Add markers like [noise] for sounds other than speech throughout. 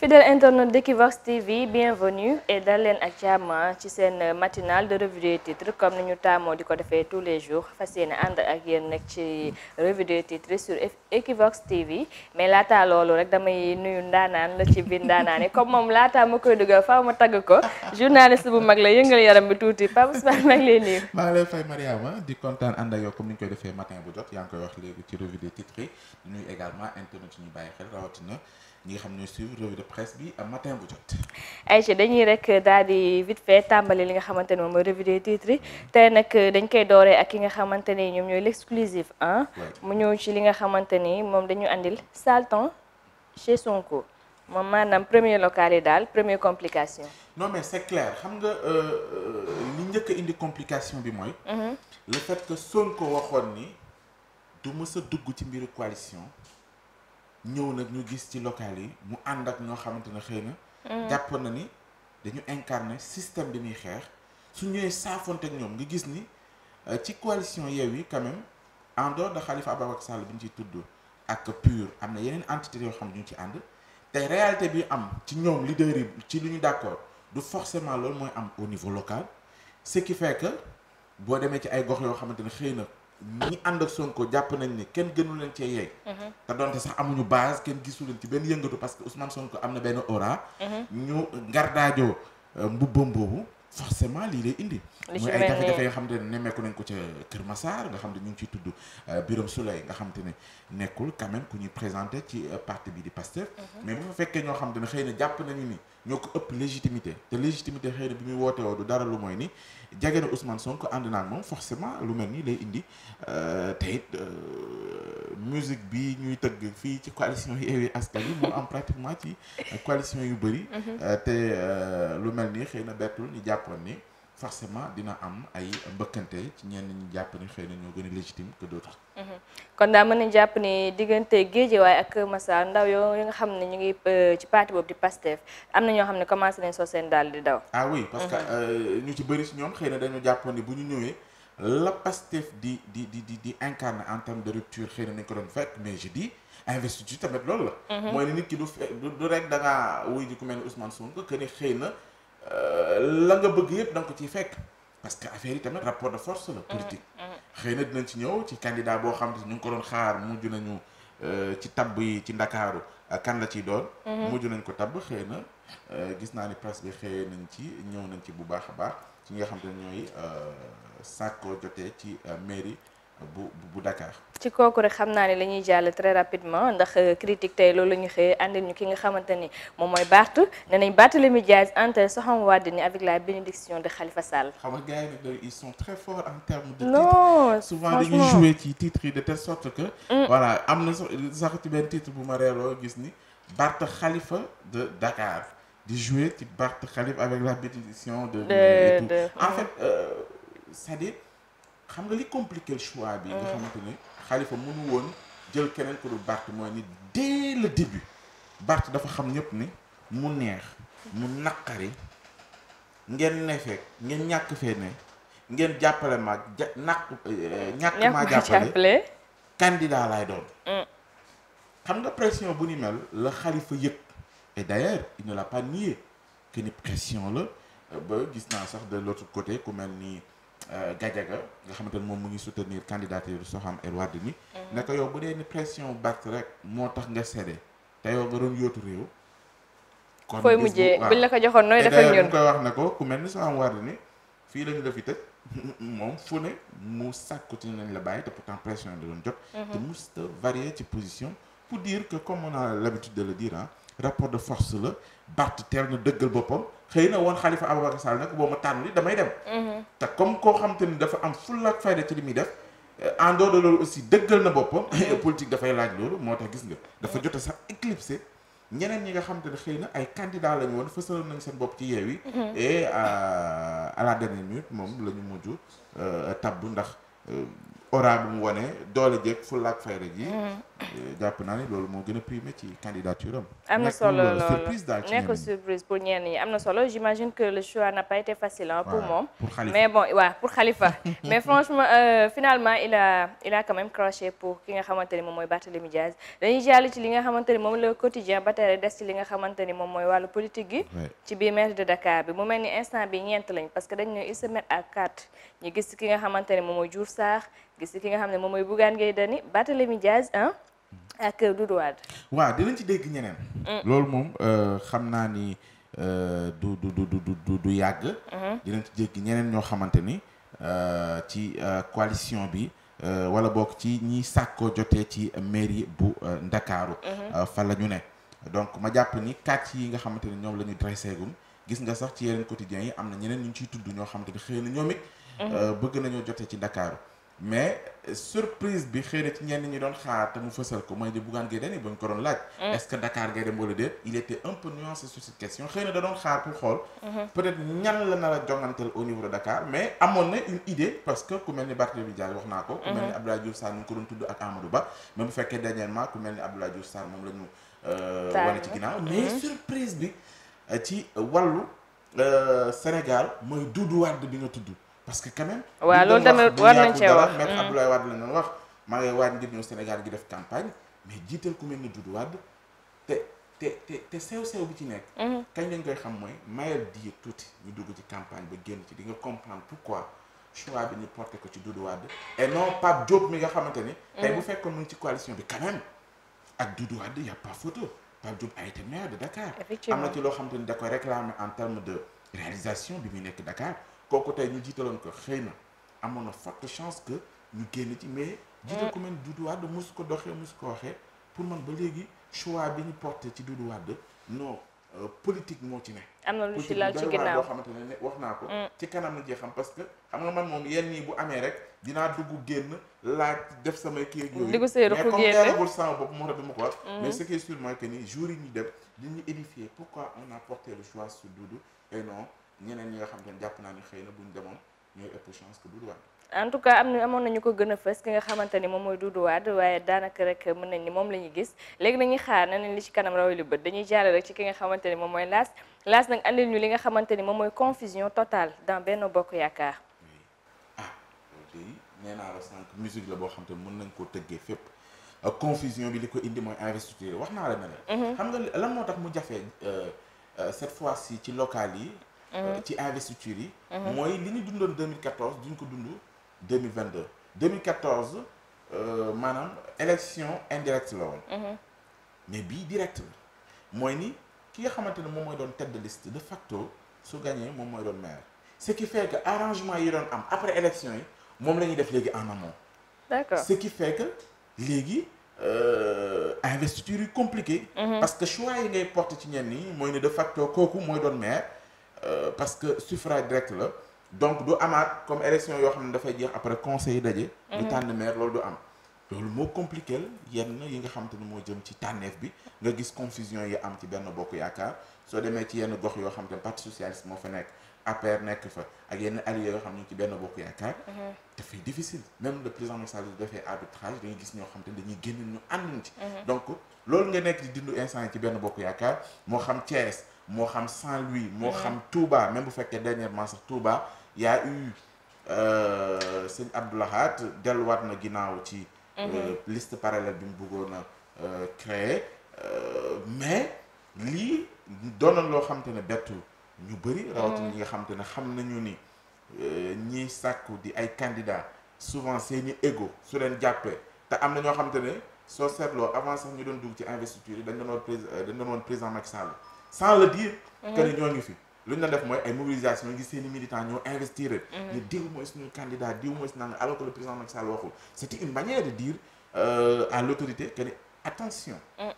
fidèle internet d'Equivox TV bienvenue et dal leen ak jàmm ci seen matinale de revue des titres comme ni ñu taamoo di ko defee tous les jours fas yéene ànd ak yéen nag ci revue des titres sur Equivox TV mais laata loolu rek damay nuyu ndaanaan la ci biir ndaanaan yi comme moom laata ma koy dugal faaw ma tagg ko journaliste bu mag la yëngal yaram bi tuuti Pape Ousmane maa ngi lay nuyu. maa ngi fay Mariama di kontaan ànd ak yow comme ñu koy defee matin bu jot yaa ngi ñi xam ñooy suivre revue de presse bi am matin bu jot. Aïcha dañuy rek daal di vite fait tàmbali li nga xamante ne moom mooy revue des titres tey nag dañ koy dooree ak ki nga xamante ni ñoom ñooy l'exclusif ah. mu ñëw ci li nga xamante ni moom dañu indil salton temps chez Sonko moom maanaam premier local yi daal premier complication. non mais c'est clair xam nga euh, euh, li njëkk a indi complication bi mooy. Mhm. le fait que Sonko waxoon ni du mës dugg ci mbiru coalition. ñëw nag ñu gis ci local yi mu ànd ak ñoo xamante ne xëy na. Mm. jàpp na ni dañu incarner système bi muy xeex su ñëwee saafonte ak ñoom nga gis ni euh, ci coalition Yewwi quand même en dehors de Khalifa Ababacar Sall bi ñu ciy tudd ak PUR am na yeneen entité yoo xam ne ñu ci ànd te réalité bi am ci ñoom leader yi ci lu ñu d'accord du forcément loolu mooy am au niveau local ce qui fait que boo demee ci ay gox yoo xamante ne xëy na. ñi ànd ak Sonko jàpp nañ ni kenn gënu leen cee yeeg. Mhm. te donte sax amuñu base kenn gisu leen ci benn yëngatu parce que Ousmane Sonko am na benn aura. Mhm. ñu ngardaajoo euh, mbubbam boobu forcément lii lay indi. mooy ay jafe-jafe yoo xam te ne nemmeeku nañ ko ca Kër Massar nga xam ne ñu ngi ciy tudd euh, Birame Souleye nga xam te ne nekkul quand même ku ñuy présenter ci euh, parti bi di Pastef. Mhm. mais bu fa fekkee ñoo xam te ne xëy ne jàpp nañu ni. ñoo ko ëpp légitimité te légitimité xëy na bi muy woote woo du dara lu mooy ni jege na Ousmane Sonko ànd naa ak moom forcément lu mel ni lay indi euh, te it euh, musique bi ñuy tëgg fii ci coalition Yewwi Askan Wi moo am pratiquement ci coalition yu bëri. Mhm. Euh, te lu mel ni xëy na bettul ñu jàppoon ni. forcément dina am ay mbëkkante ci ñenn ñi jàpp ni xëy na ñoo gën a légitime que d'autres mhm. kon daa mën nañ jàpp ni diggante Guédiawaye ak Keur Massar ndaw yoo yi nga xam ne ñu ngi euh, ci parti boobu di Pastef am na ñoo xam ne commencé nañ soo seen daal di daw ah oui parce que mhm. euh, ñu ci bëri si ñoom xëy na dañu bu ñu ñëwee la Pastef di di di incarne en terme de rupture xëy na ko doon fekk mais je dis tamit loolu la mhm. mooy ne nit ki du rek da ngaa wuy ji ku mel ni Euh, la nga bëgg yëpp da ko ciy fekk parce que affaire yi tamit rapport de force la politique mm-hmm. Mm-hmm. xëy na dinañ ci ñëw ci candidat boo xam ne ñu ngi ko doon xaar mujj nañu euh, ci tabb yi ci ndakaaru euh, kan la ci doon mm-hmm. mujj nañ ko tabb xëy na gis naa ni presse xëy nañ ci ñëw nañ ci bu baax a baax ci nga xam ne ñooy sàkkoo jotee ci mairie bu bu Dakar. ci kooku rek xam naa ne la ñuy jàll très rapidement ndax euh, critique tey loolu la ñu xëyee àndil ñu ki nga xamante ni moom mooy Barth nee nañ Barthélémy Diaz entre Soham Wardini la bénédiction de Khalifa Sall. xam nga gars yi ils sont très forts en termes de. non souvent dañuy jouer yi de telle sorte que. Mm. voilà am na sax ci benn titre bu ma reeloo gis ni Barth Khalifa de Dakar di jouer ci Barth Khalifa avec la bénédiction de. de de en mm. fait euh, cest à xam nga li compliqué le choix bi nga euh. xamante ni Khalifa mënu woon jël keneen ko du Barth mooy ni dès le début Barth dafa xam ñëpp ni mu neex mu naqari ngeen ne fekk ngeen ñàkk fee ne ngeen jàppale ma ja naq euh, ñàkk maa jàppale candidat lay doon mm. xam nga pression bu ni mel la Khalifa yëg et d'ailleurs il l'a pas nié que ni pression la euh, ba gis naa sax de l'autre côté ku mel ni Euh, Gadiaga nga xamante ne moom mu ngi soutenir candidature Soham El Wardini mhm. ne ko yow bu dee ni pression Barth rek moo tax nga séddee te yow nga doon yóotu réew. kon fooy mujjee buñ la ko joxoon nooy def ak ñun koy wax ne ko ku mel ni Soham Wardini fii la ñu la fi tëj [laughs] moom fu ne mu sàkku ci nañ la bàyyi te pourtant pression da doon jot. Mhm. te mus te varier ci position pour dire que comme on a l'habitude de le dire ah rapport de force la Barth teel na dëggal boppam. xëy na woon Xalifa Ababacar Sall nag boo ma tànn li damay dem. Mhm. te comme koo xam ni dafa am fulla ak fayda ci li muy def. Euh, en dehors de loolu aussi dëggal na boppam. Mhm. politique dafay laaj loolu moo tax gis nga. dafa mhm. jot sa éclipsé ñeneen ñi nga xam ne xëy na ay candidat lañu woon fësaloon nañu seen bopp ci yeewi. et à la dernière minute moom la ñu mujj euh, ndax. Euh, aura bu mu wane doole jeeg fulla ak fayda ji. Hmm. Eh, jàpp naa ne loolu moo gën a primé ci candidature am. na solo loolu surprise daal nekk surprise pour ñenn ñi am na solo j'imagine que le choix n'a pas été facile pour moom. mais bon waaw pour Khalifa. mais [laughs] franchement euh, finalement il a a quand même croché pour ki nga xamante moom mooy Barthélémy Diaz dañuy jàll ci li nga xamante ni moom le quotidien ba tey des ci li nga xamante ni moom mooy wàllu politique gi. ci biir maire que dañ ki nga xamante ni moom mooy gis ki nga xam ne moom mooy Bougane Gueye Dany Barthélémy Diaz ah ak Doudou Wade waa dinañ ci dégg ñeneen hmm. loolu moom euh, xam naa ni euh, du du du du du yàgg hmm. dinañ ci dégg ñeneen ñoo xamante ni euh, ci coalition bi wala bokk ci ñi sàkkoo jotee ci mairie bu Ndakaaru fa la ñu ne donc ma jàpp ni kàcc yi nga xamante ni ñoom la ñu dressé gum gis nga sax ci yeneen quotidiens yi am na ñeneen ñu ciy tudd ñoo xamante ni xëy na ñoom bëgg nañoo jotee ci Ndakaaru mais surprise bi xëy na ci ñenn ñi doon xaar te mu fësal ko mooy di Bougane Gueye Dany bañ ko doon laaj. Mm. est-ce que Dakar ngay dem wala déet il était un peu nuancé sur question xëy na da doon xaar pour xool. Mm-hmm. peut-être ñan la nar a jongantel au niveau de Dakar mais amoon na une idée parce que ku mel ni Barthélémy Dias wax naa ko. ku mel ni mm-hmm. Abdoulaye Diouf Sarr ñu ngi ko doon tudd ak Amadou Ba mais bu fekkee dernièrement ku mel ni Abdoulaye Diouf Sarr moom euh, mm-hmm. bi euh, ci wàllu euh, Sénégal mooy Doudou Wade bi nga tudd. parce que quand même. waaw loolu tamit war nañ cee wax maître mm. Abdoulaye def campagne mais jiital ku mel ni te te te te ci nekk. Mm. kañ lañ koy xam mooy mayal diir tuuti ñu dugg ci campagne ba génn ci di nga comprendre pourquoi choix bi ñu porté ko ci Doudou Wade non Pape Diop mi nga xamante ni. Mm. tey bu fekkoon mu ngi ci coalition bi quand même ak Doudou Wade y' a pas photo Pape Diop a été maire de Dakar. am na ci loo xamante ni da koy réclamer en terme de réalisation bi muy nekk Dakar. kooku tey ñu jiitaloon ko xëy na amoon na forte chance que ñu génn ci mais. jiital mm. ko mel Doudou Wade mosu ko doxee mosu ko waxee pour man ba léegi choix bi ñu porté ci Doudou wàdd no euh, politique moo ci ne. am na lu ci laal ci ginnaaw boo xamante ne wax naa ko. Mm. ci kanam la jeexam parce que xam na man moom yenn nii bu amee rek dinaa dugg génn laaj def samay kii yooyu. mais comme teelagul sama bopp moo tax dama ko wax. Mm. mais ce qui est sûr mooy que ni jour yi ñu dem dañuy édifier pourquoi a porté le choix sur Doudou et ñeneen ñi nga xam ne jàpp naa ni xëy na buñ demoon ñooy ëpp chance que Doudou Wade en tout cas am na amoon nañu ko gën a fës ki nga xamante ni moom mooy Doudou Wade waaye daanaka rek mën nañ ni moom la ñuy gis léegi nañuy xaar na leen li ci kanam raw li bët dañuy rek ci ki nga xamante ni moom mooy laas laas nag andil ñu li nga xamante ni moom mooy confusion total dans benn Bokk Yaakaar ah loolu de nee naa la sànq musique la boo xam te mun nañ koo tëggee fépp confusion bi li ko indi mooy investiture wax naa la ne la mhm. xam nga lan moo tax mu jafe euh, euh, cette fois ci ci local yi Euh, mm-hmm. ci investiture yi. Mm-hmm. mooy li ñu dundoon 2014 duñ ko dund 2022 2014 euh, maanaam élection indirecte la woon. Mm-hmm. mais bii direct la mooy ni ki nga xamante ne moom mooy doon tête de liste de facto su gagné moom mooy doon maire ce qui fait que arrangement yi doon am après élection yi moom la ñuy def léegi en amont. d'accord ce qui fait que léegi. Euh, investiture yu compliqué. Mm -hmm. parce que choix yi ngay porte ci ñenn ñi mooy ne de facto kooku mooy doon maire. Euh, parce que suffrage direct la donc du amaat comme élection yoo xam ne dafay jeex après conseil daje. ñu mhm. tànn maire loolu du am. loolu moo compliqué yenn yi nga xam te ne moo jëm ci tànneef bi nga gis confusion yi am ci benn bokk yaakaar soo demee ci yenn gox yoo xam te ne parti socialiste moo fa nekk APR nekk fa ak yenn alliés yoo xam ne ci benn bokk yaakaar. Mhm. dafay difficile même le président Macky Sall dafay arbitrage dañuy gis ñoo xam te dañuy génn ñu ànduñ ci. Mhm. donc loolu nga nekk di dindu instant ci benn bokk yaakaar moo xam Thiès. moo xam Saint-Louis moo xam Touba même bu fekkee dernièrement sax Touba y a eu euh, sëñ Abdoulahat delluwaat na ginnaaw ci euh, mhm. liste parallèle bi mu bëggoon a euh, créer mais lii doonoon loo xam ne bettu ñu bëri mhm. rawatina ñi nga xam te ne xam nañu ni ñiy sàkku di ay candidats souvent seeni égo su leen jàppee te am na ñoo xam ne soo seetloo avant sax ñu doon dugg ci investiture yi dañ doon woon président dañ doon woon président Macky sans le dire mm-hmm. que ne ñoo ngi fi lu ñu la def mooy ay mobilisation ngi seen i ñoo investir mm-hmm. ne diw mooy suñu candidat diw mooy suñu alors que le président Macky Sall waxul c'était une manière de euh, à l'autorité que ne attention mm.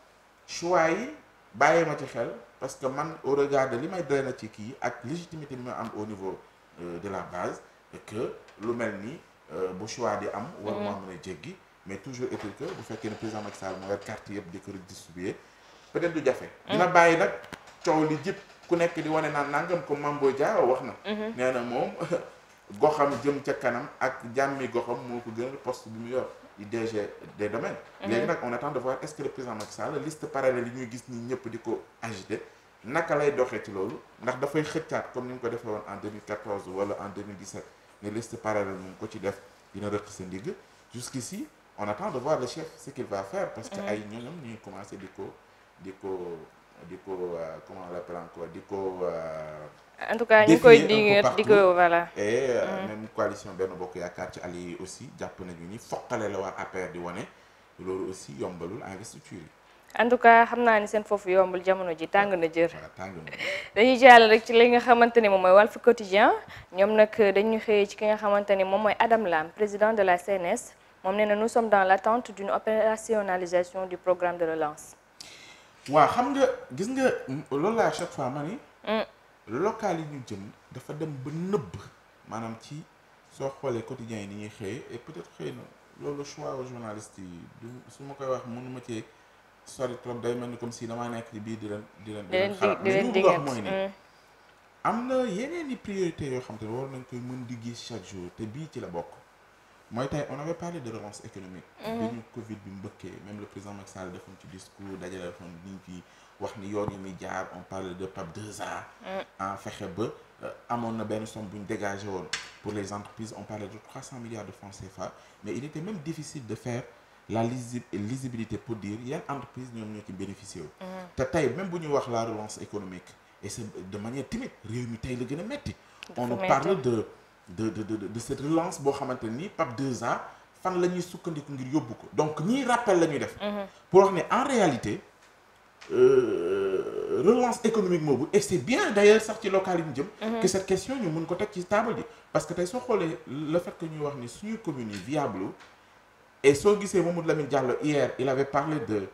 choix yi bàyyee ma ci xel parce que man au regard li may doy na ci kii ak légitimité bi ma am au niveau euh, de la base que lu mel ni euh, bu choix di am war moo mm-hmm. mën a mais toujours est que bu fekkee ne président Macky Sall moo yor carte yëpp di ko redistribuer jafe mm. coow li jëpp ku nekk di wane naan nangam comme Mambo Diaw wax na. Mhm. nee na moom [laughs] goxam jëm ca kanam ak jàmmi goxam moo ko gënal poste bi mu yor DG des domaines. Mhm. léegi nag on attend de voir est-ce que le président Macky Sall liste parallèle yi ñuy gis nii ñëpp di ko agité. naka lay doxee ci loolu ndax dafay xëccaat comme ni mu ko defee woon en 2014 wala en 2017 ne liste parallèle mu ngi ko ci def dina rëq sa ndigg jusqu'ici on attend de voir le chef ce qu'il va faire parce que mhm. ay ñoñam ñu ngi commencé di ko di ko di ko euh, comment on ko. Euh, en tout cas ñu koy di di ko voilà. et euh, mm. même coalition benn bokk yaakaar ci alliés yi aussi jàpp nañu ni foqale la waa APR di wane loolu aussi yombalul investiture yi. en tout cas xam naa ni seen foofu yombul jamono ji tàng na jër dañuy jàll rek ci li nga xamante ni moom mooy Walf Quotidien ñoom nag dañu xëyee ci ki nga xamante ni moom mooy Adam Lam président de la CNS moom nee na nous sommes dans l'attente d'une opérationnalisation du programme de lance waaw xam nga gis nga loolu laa chaque fois ma ni mm. local yi ñu jëm dafa dem ba nëbb maanaam ci soo xoolee quotidien yi ni ñuy xëyee et peut-être xëy na loolu choix au journaliste yi du su ma koy wax mënuma cee sori trop day mel ni comme si damaa nekk ci biir di leen di leen di leen xalaat mais li wax mooy ne am na yeneen i priorité yoo xam te ne war nañ koy di gis chaque jour te bii ci la bokk mooy tey on avait parlé de relance économique. Mhm. bi ñu Covid bi mbëkkee même le président Macky Sall ci discours dajale defoon nit ñi wax ni yoon yi muy jaar on parle de PAP 2A. en fexe ba euh, amoon na benn somme bu ñu dégagé woon pour les entreprises on parlait de 300 milliards de francs CFA mais il était même difficile de faire. la lisi lisibilité pour dire yan entreprise ñoom ñoo ci bénéficié wu. Mm. te tey même bu ñu wax la relance économique et c'est de manière timide réew on nous parle de de de de cette relance boo xamante ni PAP 2 ans fan la ñuy sukkandiku ngir yóbbu ko donc ñii rappel la ñuy def. Mm-hmm. pour wax ne en réalité euh, relance économique boobu et c' est bien d' ailleurs sax ci local yi ñu jëm. Mm-hmm. que cette question ñu mun ko teg ci table ji parce que tey soo xoolee le fait que ñuy wax ni suñu commune yi viable et soo gisee Mamadou Lamine Diallo hier il avait parlé de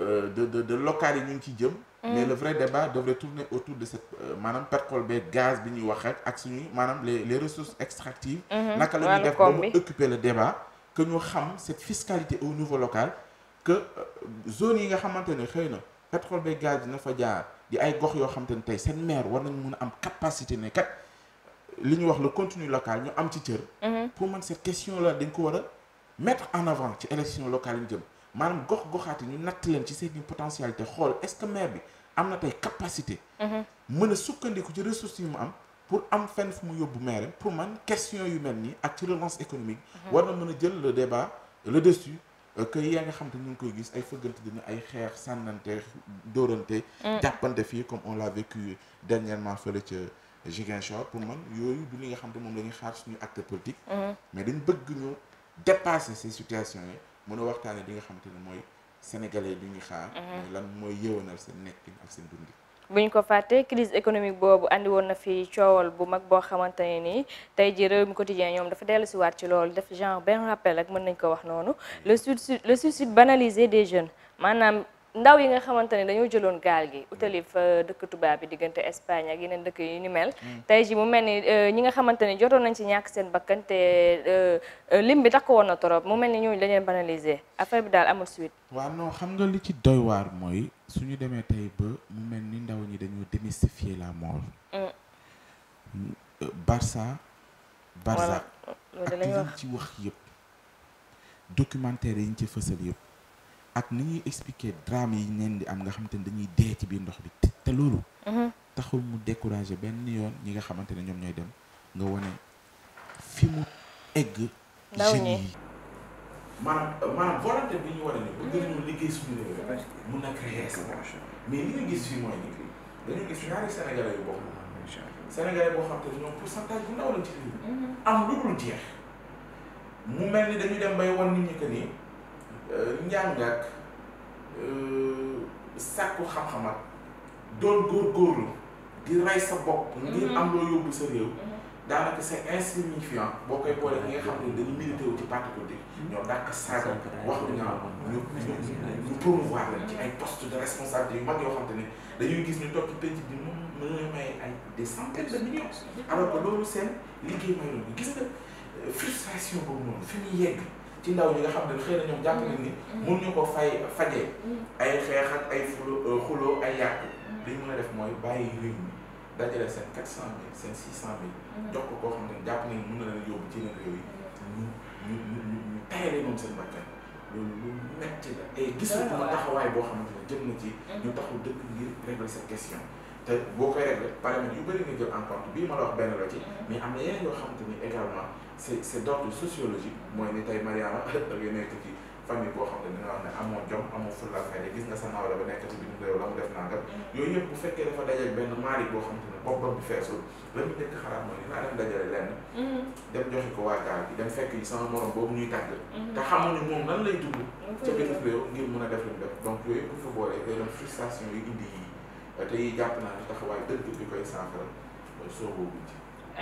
euh, de de de local yi ñu ngi ciy jëm. Mm. mais le vrai débat devrait tourner autour de cette euh, maanaam pétrole beeg gaz bi ñuy wax rek ak suñuy maanaam les les ressources extractives. Mm-hmm. naka la ñuy def ba mu occuper le débat. que ñu xam cette fiscalité au niveau local que euh, zone yi nga xamante ne xëy na pétrole beeg gaz na fa jaar di ay gox yoo xamante ni tey seen maire war nañ mun am capacité ne kat li ñu wax le contenu local ñu am ci cër. Mm-hmm. pour man cette question là dañ ko war a mettre en avant ci élection locale yi maanaam gox goxaati ñu natt leen ci seen potentialité xool est-ce que maire bi am na tey capacité. Mhm. mën a sukkandiku ci ressources yi mu am. pour am fenn fu mu yóbbu maire pour man question yu mel nii ak ci relance économique. Mhm. war na mën a jël le débat le dessus euh, que yaa nga xam te ñu ngi koy gis ay fëggante dina ay xeex sànnante doorante mm. jàppante fii comme on l'a vécu dernièrement fële ca Ziguinchor pour man yooyu du li nga xam te moom la ñuy xaar suñu acteur politique. Mm. mais dañ bëgg ñu dépasser ces situations yi. mën a waxtaanee li nga xamante ne mooy sénégalais bi ñuy xaar. Mhm. mooy lan mooy yéwanal seen nekkin ak seen dundi bu ñu ko fàttee crise économique boobu indi woon na fi coowal bu mag boo xamante ne nii tey jii réew mi quotidien ñoom dafa dellu si waat ci loolu def genre benn rappel ak mën nañ ko wax noonu le suicide le suicide banalisé des jeunes maanaam. ndaw yi nga xamante ne dañoo jëloon gaal gi utali fa dëkk tubaab bi diggante Espagne ak yeneen dëkk yu ni mel mm. tey ji mu mel ni euh, ñi nga xamante ne jotoon nañ ci ñàkk seen bakkante te euh, euh, lim bi takk woon na torop mu mel ni ñooñu dañu leen banaliser affaire bi daal amul suite waaw non xam nga li ci doy waar mooy suñu demee tey mu mel ni ndaw ñi dañoo démystifier la mort mm. Barça Barça ak liñ ci wax yëpp documentaire yi ñu ci fësal yëpp ak ni ñuy expliquer drame yi neen di am nga xamante ni dañuy dee ci biir ndox bi te loolu mhm. taxul mu décourager benn yoon ñi nga xamante ne ñoom ñooy dem nga wane fi mu egg jeunes yi maanaam maanaam volonté bi ñu war a ne bu na gis fii mooy ni dañu gis ñaari sénégalais yu bokk boo xam te ñoom pourcentage bu ndaw la ci réew mhm. am lu dul mu mel ni dañu dem bay wan nit ñi nii njàng ak euh, sàkku xam-xam ak doon góorgóorlu di rey sa bopp. ngir mhm. am loo yóbbu sa réew. Mhm. daanaka c'est insignifiant boo koy boole ki xam ne dañu milité wu ci parti politique mhm. ñoo dàq saaga wax lu ñaaw ñu ñu promouvoir leen ci ay postes de responsabilité yu mag yoo xam te ne dañuy gis ñu toog ci penc bi mu mënuñu may ay des centaines de millions alors que loolu seen liggéey may loolu gis nga euh, frustration boobu noonu fi muy yegg ci ndaw ñi nga xam ne xëy na ñoom jàpp nañ ni mm. mun ñu ko fay fajee mm. ay xeex ak ay fulo euh, xuloo ay yàq mm. li ñu mën a def mooy bàyyi réew mi dajale seen quatre cent mille seen six cent mille jox ko koo xam ne jàpp nañ mun na leen yóbbu ci yeneen réew yi ñu ñu ñu tayale moom seen bakkan loolu lu metti la ay eh, gisul taxawaay boo xamante ne jëm na ci ñu taxu dëkk ngir régler cette question te boo koy réglé paramètres yu bëri nga jël en compte bii ma la wax benn la ci mais am na yeneen yoo ni également c'est c'est d'ordre sociologique mooy ni tey [laughs] xam ne dina wax gis nga sa nawle ba nekk bi ñu la mu def dafa dajeeg benn maari boo xam ne boppam bi feesul la mu nekk xalaat mooy naa dem dajale lenn mm-hmm. dem joxe ko waa gaal bi dem fekk yi sama morom boobu ñuy tàgg mm-hmm. te xamuñu moom nan lay dund mm-hmm. ca benn réew ngir mun a def lu mu def donc yooyu yëpp bu fa boolee day doon frustration yi indi yi te yi jàpp naa ne taxawaay dëgg bi koy saafara mooy soobu wu ci.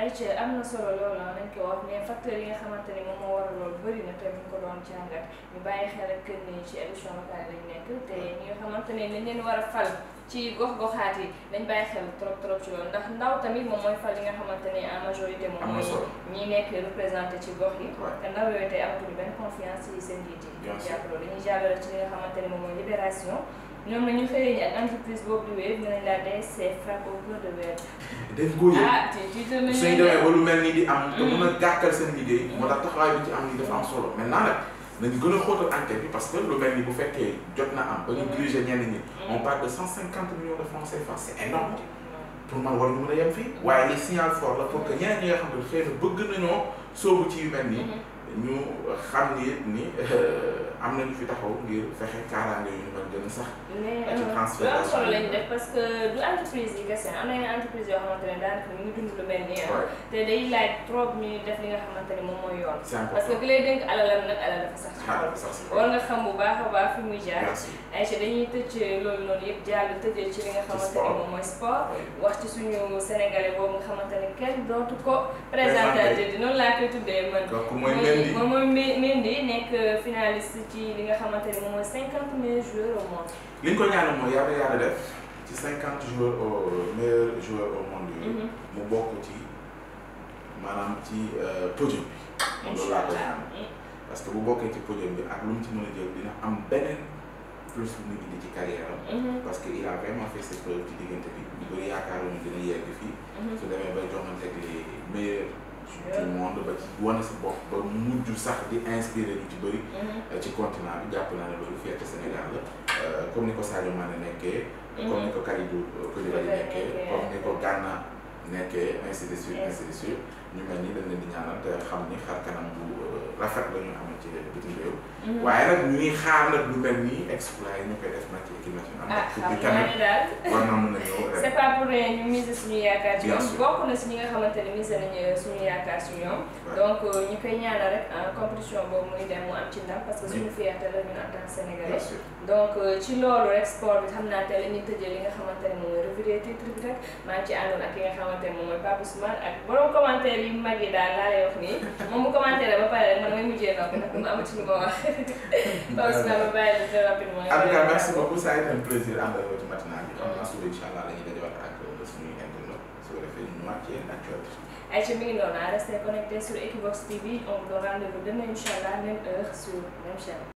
ayca am na solo loolu ah, nañ ko wax mais facteurs yi nga xamante ni moom moo war bëri te ko doon jàngat ñu bàyyi xel rek ni ci élection locale te ñi nga xamante ne war a fal ci gox-goxaat yi dañ bàyyi xel trop trop ci loolu ndax ndaw tamit moom mooy fal yi nga xamante ni en majorité moom mooy nekk représenté ci gox yi te ndaw yooyu tey amatuñu benn confiance yi seen njiit yi jàpp loolu dañuy jàllale ci li nga xamante ni moom mooy ñoom ñu xëyee ak entreprise boobu ñu ne la DSC frappe de verre. def ko ah, te te te suñ demee ba lu mel nii di am. te mën a mm. gàkkal seen liggéey. moo tax taxawaay bi ci am nii dafa am solo maintenant nag nañu gën a xóotal bi parce que lu mel ni bu fekkee jot na am ba ñu diriger ñenn ñi. Mm. on parle de cent cinquante millions de francs CFA c'est énorme mm. pour man war ñu mën a yem fii waaye li signal fort la pour que ñeneen ñi xam ne xëy na bëgg nañoo sóobu ci yu mel nii. Mm-hmm. ñu xam ni ni. Euh, am a euh, parce que du entreprise yi kese am na yeneen entreprise yoo ngi dund lu mel ah. nga xamante que ku lay dénk alalam nag alal dafa ah, a baax fi muy jaar. merci Aïcha dañuy tëj loolu noonu yëpp jàll tëjee ci li nga xamante kenn dootu ko. présenté noonu laa tuddee man. donc mooy Mendy nekk finaliste ci li nga xamante ni moom cinquante meilleurs joueurs au monde. li ñu ko ñaanal mooy yàlla yàlla def ci cinquante joueurs au meilleurs joueurs au monde mhm. mu bokk ci maanaam ci euh, podium bi. loolu laa ko ñaan mm. que bu bokkee ci podium bi ak lu mu ci mën a jël dina am beneen plus bu ñu indi ci carrière am. Mhm. parce que il a vraiment fait ses preuves ci diggante bi. ñu bëri yaakaaroon dina yegg fii. Mhm. su demee bay joxanteeg les meilleurs. tout le monde ba ci wane ba mujj sax di inspiré ñu ci bëri mm-hmm. ci continent bi jàpp naa ne loolu fierté Sénégal euh, comme ni ko Sadio Mané nekkee mm-hmm. comme ni ko Kalidou euh, Koulibaly nekkee comme ni ko Ghana nekkee ainsi de suite ainsi de suite ñu mel ni dañ leen di ñaanal te xam ni xar kanam bu euh, rafet la ñu amal ci bitim réew. Mhm. waaye nag ñuy xaar nag lu mel ni exploit yi ñu koy def nag ci équipe nationale. Ah, ni a ñëw suñu yaakaar ci ñoom bokk na si ñi nga xamante ne mise nañu euh, suñu yaakaar ci ñoom. donc euh, ñu koy ñaanal rek en compétition boobu muy dem mu am ci ndam parce que suñu fierté la ñun en tant que donc ci loolu rek sport bi xam naa te la ñuy tëjee nga xamante moom mooy revue des rek maa ci àndoon ak ki nga xamante ne yu mag yi daal laa lay wax nii moom bu commentaire ba pare rek man mooy mujjee nopp ndax ma amatuñu ma wax. Paola [laughs] Sina ma bàyyi la très rapidement. en tout cas merci beaucoup ça a été un plaisir àndal yow ci matinale bi xam naa suba incha allah dañuy dajewaat ak suñuy internet su ko defee ñu wàcc yéen actualité. Aïcha mi ngi noonu restez connecté sur Equivox TV on vous donne rendez-vous demain incha allah même heure sur même chaîne.